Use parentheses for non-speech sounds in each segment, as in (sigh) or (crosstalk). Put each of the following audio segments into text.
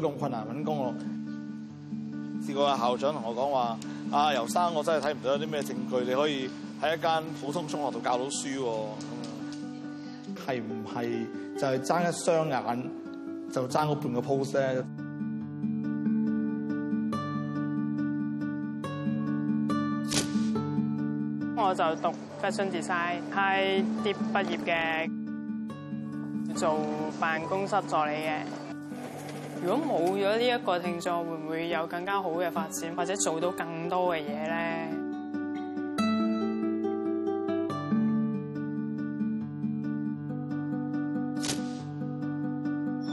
都咁困難揾工喎，試過阿校長同我講話，阿、啊、游生，我真係睇唔到有啲咩證據，你可以喺一間普通中學度教到書喎。係唔係就係、是、爭一雙眼就爭嗰半個 pose 咧？我就讀 fashion design，係啲畢業嘅做辦公室助理嘅。如果冇咗呢一個聽障，會唔會有更加好嘅發展，或者做到更多嘅嘢咧？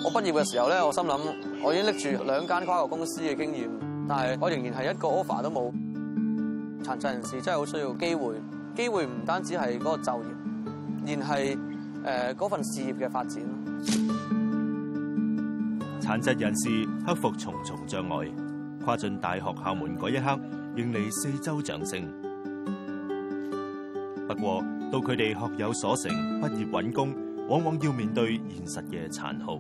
我畢業嘅時候咧，我心諗，我已經拎住兩間跨國公司嘅經驗，但係我仍然係一個 offer 都冇。殘疾人士真係好需要機會，機會唔單止係嗰個就業，而係誒嗰份事業嘅發展。殘疾人士克服重重障礙，跨進大學校門嗰一刻，迎嚟四周掌聲。不過，到佢哋學有所成、畢業揾工，往往要面對現實嘅殘酷。.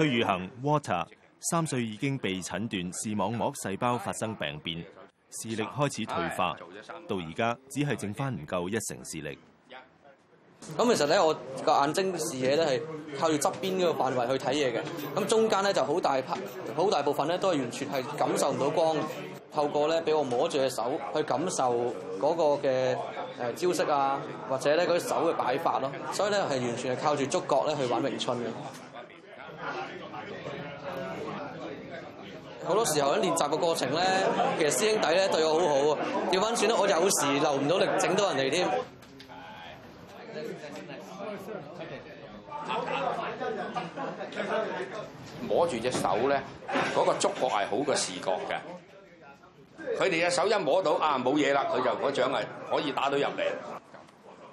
崔宇恆，water 三歲已經被診斷視網膜細胞發生病變，視力開始退化，到而家只係剩翻唔夠一成視力。咁其實咧，我個眼睛視野咧係靠住側邊呢個範圍去睇嘢嘅，咁中間咧就好大，好大部分咧都係完全係感受唔到光，透過咧俾我摸住隻手去感受嗰個嘅誒招式啊，或者咧嗰啲手嘅擺法咯，所以咧係完全係靠住觸覺咧去玩詠春嘅。好多時候喺練習嘅過程咧，其實師兄弟咧對我好好啊！掉翻轉啦，我有時留唔到力，整到人哋添。摸住隻手咧，嗰個觸覺係好過視覺嘅。佢哋嘅手一摸到啊，冇嘢啦，佢就嗰掌係可以打到入嚟。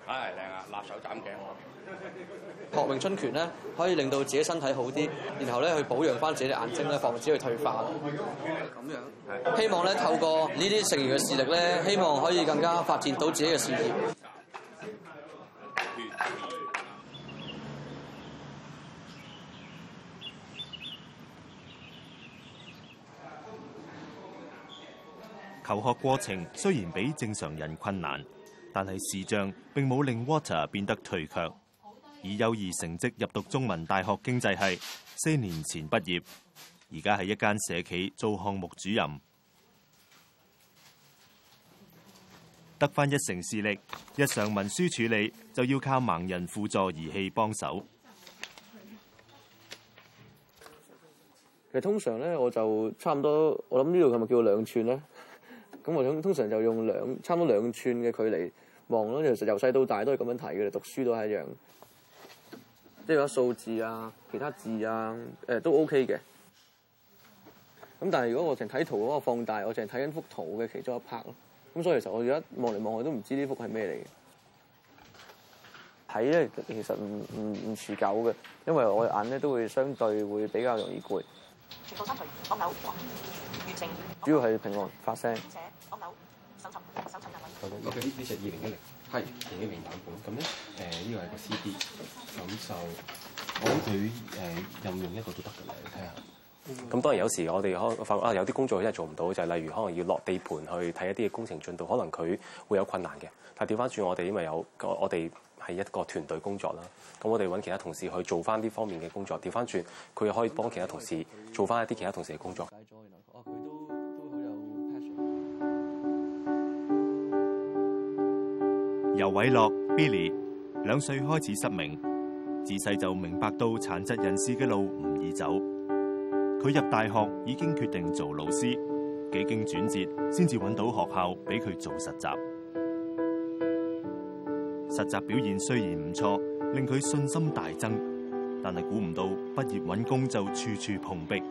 唉，靚啊！擸手斬頸。學詠春拳咧，可以令到自己身體好啲，然後咧去保養翻自己嘅眼睛咧，防止佢退化。希望咧透過呢啲成員嘅視力咧，希望可以更加發展到自己嘅事業。求學過程雖然比正常人困難，但係視障並冇令 Water 變得退卻。以優異成績入讀中文大學經濟系，四年前畢業，而家喺一間社企做項目主任，得翻一成視力，日常文書處理就要靠盲人輔助儀器幫手。其實通常咧，我就差唔多，我諗呢度係咪叫兩寸咧？咁我想通常就用兩，差唔多兩寸嘅距離望咯。其實由細到大都係咁樣睇嘅，讀書都係一樣。即係有數字啊，其他字啊，誒、呃、都 OK 嘅。咁但係如果我淨睇圖嗰個放大，我淨係睇緊幅圖嘅其中一 part 咯。咁所以其實我而家望嚟望去都唔知呢幅係咩嚟嘅。睇咧其實唔唔唔持久嘅，因為我眼咧都會相對會比較容易攰。全部刪除，按鈕主要係平安發聲。按鈕搜尋搜尋。尋 OK，呢呢隻係二零一零。係，電影名版本咁咧，誒呢、呃，這個係個 CD，咁就我諗佢誒任用一個都得㗎啦，你睇下。咁、嗯、當然有時候我哋可能發覺啊，有啲工作佢真係做唔到，就係、是、例如可能要落地盤去睇一啲嘅工程進度，可能佢會有困難嘅。但係調翻轉我哋因為有我哋係一個團隊工作啦，咁我哋揾其他同事去做翻呢方面嘅工作，調翻轉佢可以幫其他同事做翻一啲其他同事嘅工作。哦，佢都。游偉樂 Billy 兩歲開始失明，自細就明白到殘疾人士嘅路唔易走。佢入大學已經決定做老師，幾經轉折先至搵到學校俾佢做實習。實習表現雖然唔錯，令佢信心大增，但係估唔到畢業搵工就處處碰壁。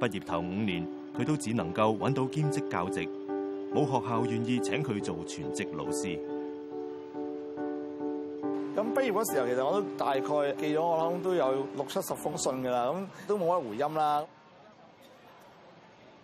畢業頭五年佢都只能夠搵到兼職教職，冇學校願意請佢做全職老師。咁畢業嗰時候，其實我都大概寄咗我諗都有六七十封信㗎啦，咁都冇乜回音啦。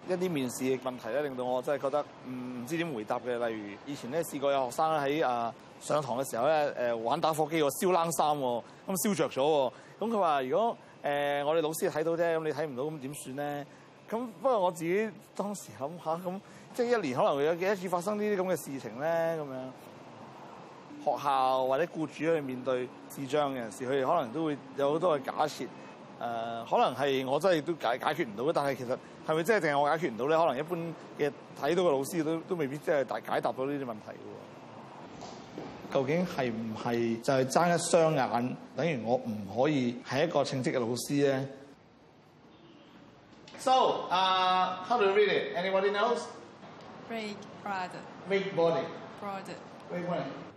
一啲面試嘅問題咧，令到我真係覺得唔唔、嗯、知點回答嘅。例如以前咧試過有學生喺啊上堂嘅時候咧，誒、啊、玩打火機喎、啊啊，燒冷衫喎，咁燒着咗喎。咁佢話：如果誒、呃、我哋老師睇到啫，咁你睇唔到，咁點算咧？咁不過我自己當時諗下，咁、啊、即係一年可能有幾多次發生呢啲咁嘅事情咧，咁樣。學校或者僱主去面對智障嘅人士，佢哋可能都會有好多嘅假設。誒、呃，可能係我真係都解解決唔到，但係其實係咪真係淨係我解決唔到咧？可能一般嘅睇到嘅老師都都未必真係解解答到呢啲問題喎。究竟係唔係就係爭一雙眼，等於我唔可以係一個稱職嘅老師咧？So，uh, how do you read it？Anybody knows？Break brother，break body，bread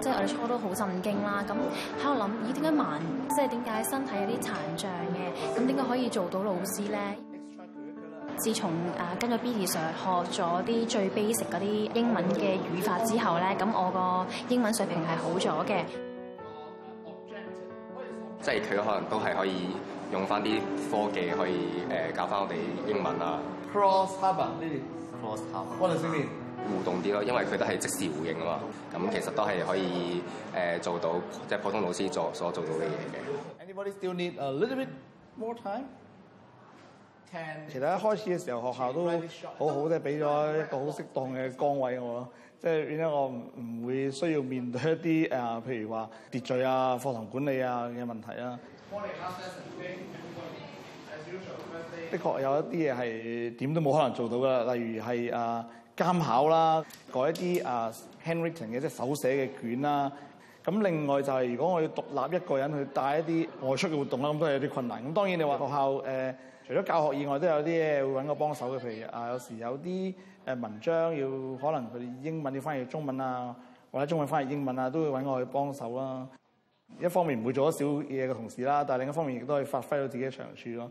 即係我哋初都好震驚啦，咁喺度諗，咦？點解盲？即係點解身體有啲殘障嘅，咁點解可以做到老師咧？自從誒跟咗 Bishop 學咗啲最 basic 嗰啲英文嘅語法之後咧，咁我個英文水平係好咗嘅。即係佢可能都係可以用翻啲科技去誒、呃、教翻我哋英文啊。Cross 互動啲咯，因為佢都係即時回應啊嘛。咁其實都係可以誒做到，即係普通老師做所做到嘅嘢嘅。Anybody still need a little bit more time? Can. 其實一開始嘅時候，學校都好好嘅，俾咗一個好適當嘅崗位我咯。即係變咗我唔會需要面對一啲誒，譬如話秩序啊、課堂管理啊嘅問題啊。的確有一啲嘢係點都冇可能做到噶，例如係啊監考啦，改一啲啊 handwritten 嘅即係手寫嘅卷啦。咁另外就係如果我要獨立一個人去帶一啲外出嘅活動啦，咁都係有啲困難。咁當然你話學校誒除咗教學以外，都有啲嘢會揾我幫手嘅，譬如啊有時有啲誒文章要可能佢哋英文要翻譯中文啊，或者中文翻譯英文啊，都會揾我去幫手啦。一方面唔會做得少嘢嘅同事啦，但係另一方面亦都可以發揮到自己嘅長處咯。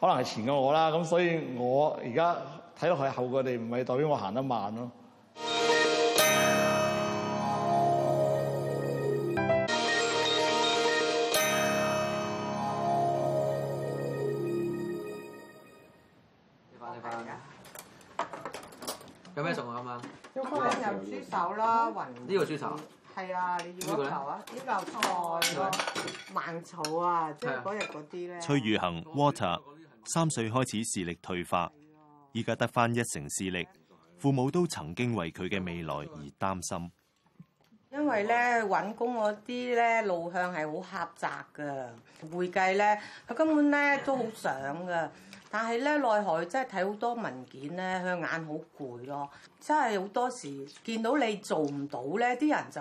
可能係前嘅我啦，咁所以我而家睇落去後過哋唔係代表我行得慢咯。你快，你快，剛剛有咩餸啊啱啱？要豬手啦，雲呢度豬手？係啊，你要乜球啊？點留菜、萬草啊！即係嗰日嗰啲咧。崔如恒 water 三歲開始視力退化，依家得返一成視力，啊、父母都曾經為佢嘅未來而擔心。因為咧揾工嗰啲咧路向係好狹窄噶，會計咧佢根本咧都好想噶。但係咧，奈何真係睇好多文件咧，佢眼好攰咯。真係好多時見到你做唔到咧，啲人就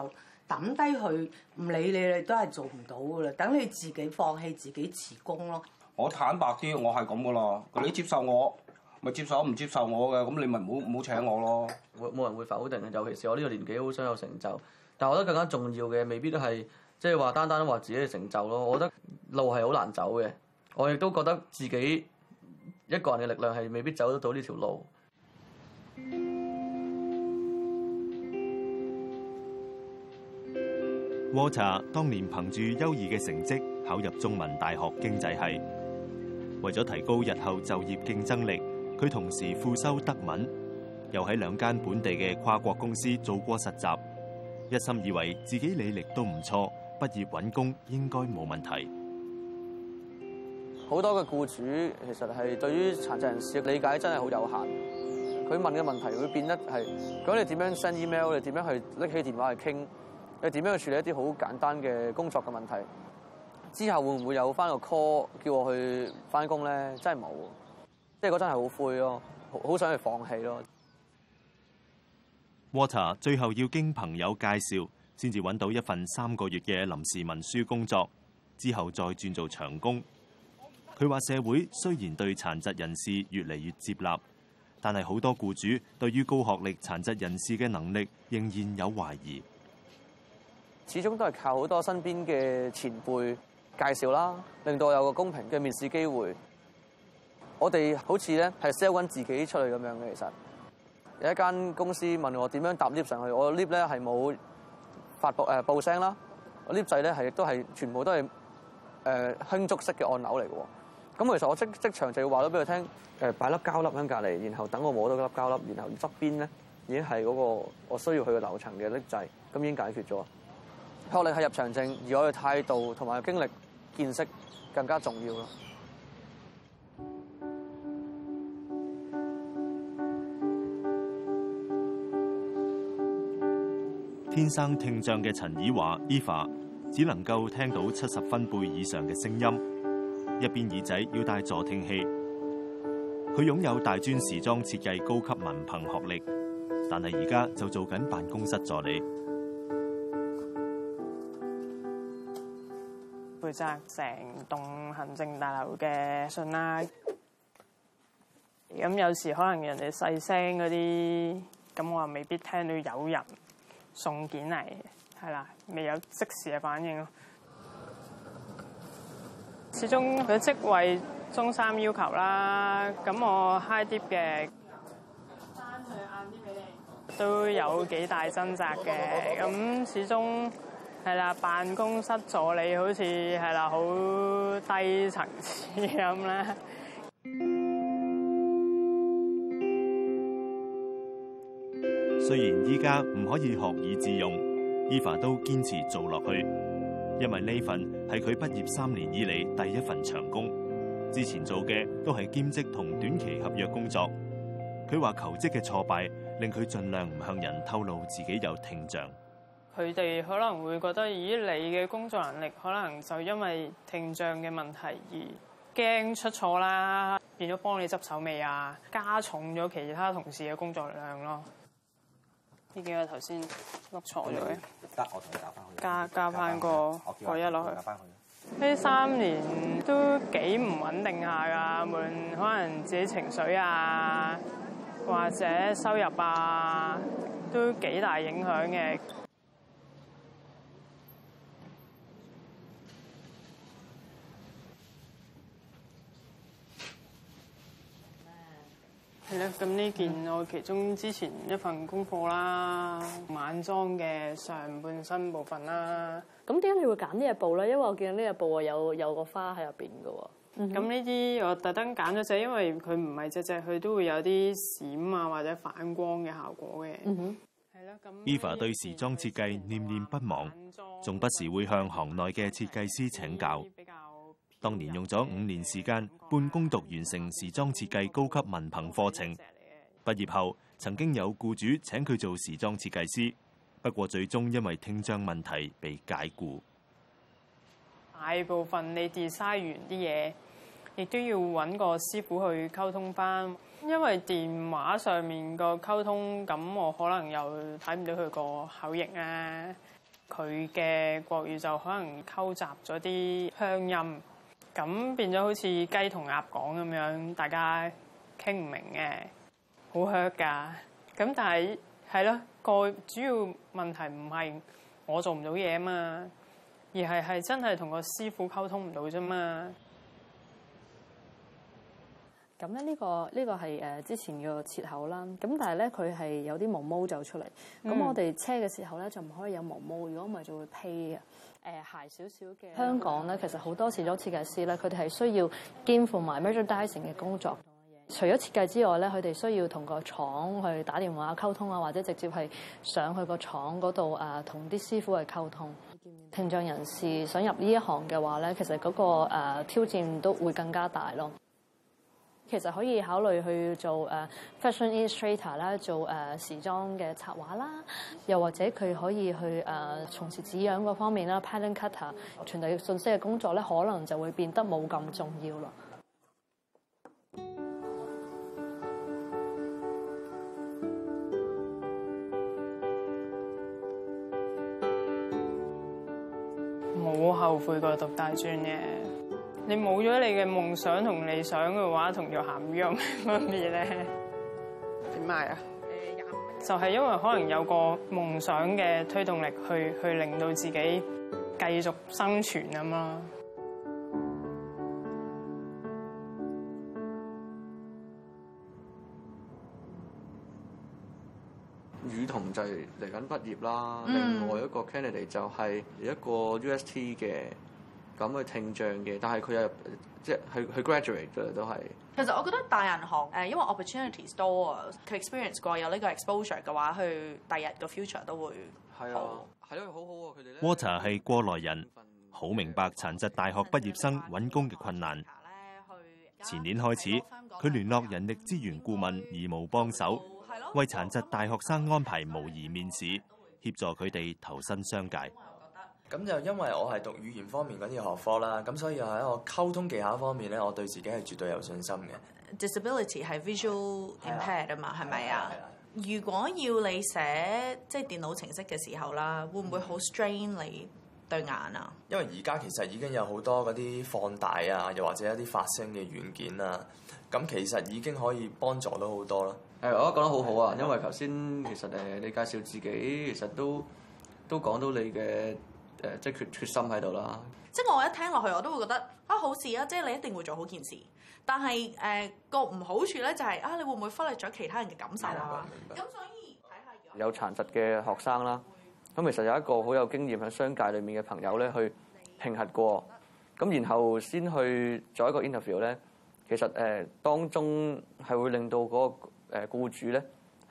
抌低佢，唔理你你都係做唔到噶啦。等你自己放棄，自己辭工咯。我坦白啲，我係咁噶啦。你接受我咪接受，唔接受我嘅咁，的你咪唔好唔好請我咯。冇冇人會否定嘅，尤其是我呢個年紀，好想有成就，但係我覺得更加重要嘅，未必都係即係話單單話自己嘅成就咯。我覺得路係好難走嘅，我亦都覺得自己。一個人嘅力量係未必走得到呢條路。Walter 當年憑住優異嘅成績考入中文大學經濟系，為咗提高日後就業競爭力，佢同時副修德文，又喺兩間本地嘅跨國公司做過實習，一心以為自己履歷都唔錯，畢業揾工應該冇問題。好多嘅僱主其實係對於殘疾人士嘅理解真係好有限。佢問嘅問題會變得係講你點樣 send email，你點樣去拎起電話去傾，你點樣去處理一啲好簡單嘅工作嘅問題。之後會唔會有翻個 call 叫我去翻工咧？真係冇，即係嗰陣係好灰咯，好想去放棄咯。Water 最後要經朋友介紹先至揾到一份三個月嘅臨時文書工作，之後再轉做長工。佢話：他說社會雖然對殘疾人士越嚟越接納，但係好多僱主對於高學歷殘疾人士嘅能力仍然有懷疑。始終都係靠好多身邊嘅前輩介紹啦，令到我有個公平嘅面試機會。我哋好似咧係 sell 緊自己出去咁樣嘅，其實有一間公司問我點樣搭 lift 上去，我 lift 咧係冇發報、呃、報誒報聲啦，我 lift 掣咧係都係全部都係誒輕觸式嘅按鈕嚟嘅喎。咁其實我即即場就要話咗俾佢聽，誒擺粒膠粒喺隔離，然後等我摸到粒膠粒，然後側邊咧已經係嗰個我需要去嘅樓層嘅掣，咁已經解決咗。學歷係入場證，而我嘅態度同埋經歷見識更加重要咯。天生聽障嘅陳綺華 （Eva） 只能夠聽到七十分貝以上嘅聲音。一邊耳仔要戴助聽器，佢擁有大專時裝設計高級文憑學歷，但係而家就做緊辦公室助理，負責成棟行政大樓嘅信啦。咁有時可能人哋細聲嗰啲，咁我又未必聽到有人送件嚟，係啦，未有即時嘅反應咯。始終佢職位中三要求啦，咁我 high deep 嘅，翻佢晏啲俾你，都有幾大掙扎嘅。咁始終係啦，辦公室助理好似係啦，好低層次咁啦。雖然依家唔可以學以致用，Eva 都堅持做落去。因為呢份係佢畢業三年以嚟，第一份長工，之前做嘅都係兼職同短期合約工作。佢話求職嘅挫敗令佢盡量唔向人透露自己有聽障。佢哋可能會覺得，以你嘅工作能力可能就因為聽障嘅問題而驚出錯啦，變咗幫你執手尾啊，加重咗其他同事嘅工作量咯。呢幾個頭先碌錯咗嘅，得我同你打翻佢。加加翻個個一落去。呢三年都幾唔穩定下㗎嘛，可能自己情緒啊，或者收入啊，都幾大影響嘅。咁呢件我其中之前一份功課啦，晚裝嘅上半身部分啦。咁點解你會揀呢一布咧？因為我見到呢一布啊，有有個花喺入邊㗎喎。咁呢啲我特登揀咗隻，因為佢唔係隻隻，佢都會有啲閃啊或者反光嘅效果嘅。嗯哼，咁 (noise) Eva 對時裝設計念念不忘，仲不時會向行內嘅設計師請教。當年用咗五年時間半工讀完成時裝設計高級文憑課程，畢業後曾經有僱主請佢做時裝設計師，不過最終因為聽障問題被解僱。大部分你 design 完啲嘢，亦都要揾個師傅去溝通翻，因為電話上面個溝通咁，我可能又睇唔到佢個口譯啊。佢嘅國語就可能溝雜咗啲鄉音。咁變咗好似雞同鴨講咁樣，大家傾唔明嘅，好 hurt 噶。咁但係係咯，個主要問題唔係我做唔到嘢啊嘛，而係係真係同個師傅溝通唔到啫嘛。咁咧呢個呢、呢個係誒之前嘅切口啦。咁但係咧佢係有啲毛毛就出嚟。咁我哋車嘅時候咧就唔可以有毛毛，如果唔係就會披。誒，鞋少少嘅香港咧，其實好多時裝設計師咧，佢哋係需要肩負埋 merchandising 嘅工作。除咗設計之外咧，佢哋需要同個廠去打電話溝通啊，或者直接係上去個廠嗰度啊，同啲師傅去溝通。聽障人士想入呢一行嘅話咧，其實嗰個、誒、挑戰都會更加大咯。其實可以考慮去做 fashion illustrator 啦，做誒時裝嘅插畫啦，又或者佢可以去誒從事紙樣嗰方面啦，pattern cutter，傳遞信息嘅工作咧，可能就會變得冇咁重要啦。冇後悔過讀大專嘅。你冇咗你嘅夢想同理想嘅話，同條鹹魚有咩分別咧？點解啊？就係因為可能有個夢想嘅推動力去，去去令到自己繼續生存吖嘛。雨桐就嚟緊畢業啦，嗯、另外一個 Kennedy 就係一個 UST 嘅。咁去聽障嘅，但係佢又即係去去 graduate 嘅都係。其實我覺得大銀行誒，因為 opportunities 多啊，佢 experience 過有呢個 exposure 嘅話，佢第日個 future 都會係啊，係因為好好喎佢哋。Walter 係過來人，好、嗯、明白殘疾大學畢業生揾工嘅困難。前年開始，佢聯、嗯、絡人力資源顧問義務幫手，的為殘疾大學生安排模擬面試，協的助佢哋投身商界。咁就因為我係讀語言方面嗰啲學科啦，咁所以喺我溝通技巧方面咧，我對自己係絕對有信心嘅。Disability 係 visual impaired 啊嘛，係咪啊？係啊。如果要你寫即係電腦程式嘅時候啦，會唔會好 strain 你對眼啊、嗯？因為而家其實已經有好多嗰啲放大啊，又或者一啲發聲嘅軟件啊，咁其實已經可以幫助到好多咯。誒，我講得好好啊，啊因為頭先其實誒你介紹自己，其實都都講到你嘅。誒，即係決決心喺度啦。即係我一聽落去，我都會覺得啊，好事啊！即係你一定會做好件事。但係誒、呃，個唔好處咧就係、是、啊，你會唔會忽略咗其他人嘅感受啊？咁、嗯、所以睇下有殘疾嘅學生啦，咁其實有一個好有經驗響商界裏面嘅朋友咧，去評核過，咁然後先去做一個 interview 咧，其實誒、呃、當中係會令到嗰個誒僱主咧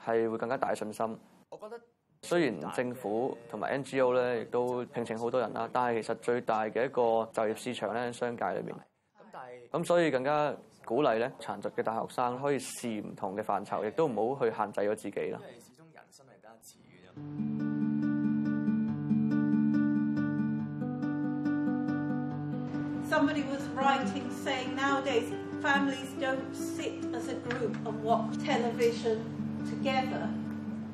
係會更加大信心。我覺得。雖然政府同埋 NGO 咧，亦都聘請好多人啦，但係其實最大嘅一個就業市場咧，喺商界裏邊。咁所以更加鼓勵咧，殘疾嘅大學生可以試唔同嘅範疇，亦都唔好去限制咗自己啦。始終人生係單次嘅。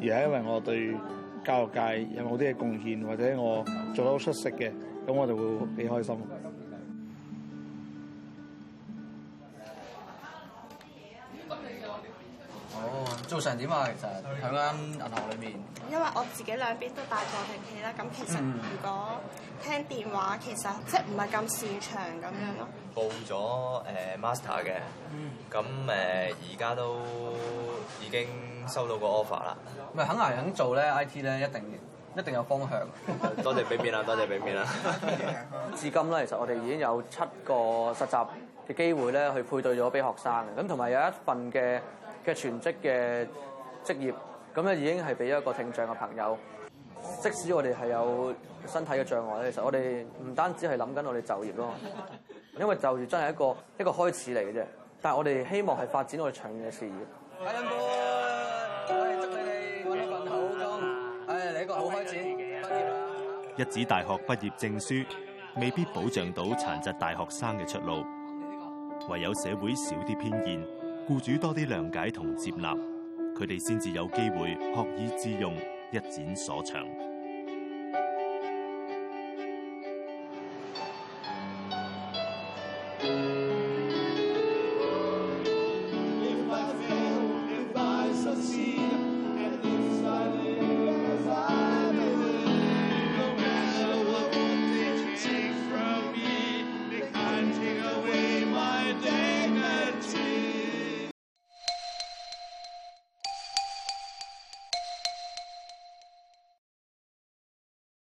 而係因為我對教育界，有冇啲嘅貢獻，或者我做得好出色嘅，咁我就會幾開心。做成點啊？其實喺間銀行裏面，因為我自己兩邊都戴助聽器啦，咁其實如果聽電話，嗯、其實即係唔係咁擅長咁樣咯、嗯。報咗誒、呃、master 嘅，咁誒而家都已經收到個 offer 啦。咪肯捱肯做咧 IT 咧，一定一定有方向 (laughs) 多給。多謝俾面啦，多謝俾面啦。至今咧，其實我哋已經有七個實習嘅機會咧，去配對咗俾學生嘅。咁同埋有一份嘅，嘅全職嘅職業，噉樣已經係俾一個聽障嘅朋友。即使我哋係有身體嘅障礙咧，其實我哋唔單止係諗緊我哋就業咯，因為就業真係一個一個開始嚟嘅啫。但係我哋希望係發展我哋長遠嘅事業。阿我哋祝你哋揾到份好工，嚟一個好開始。畢業啦！一紙大學畢業證書未必保障到殘疾大學生嘅出路，唯有社會少啲偏見。僱主多啲諒解同接納，佢哋先至有機會學以致用，一展所長。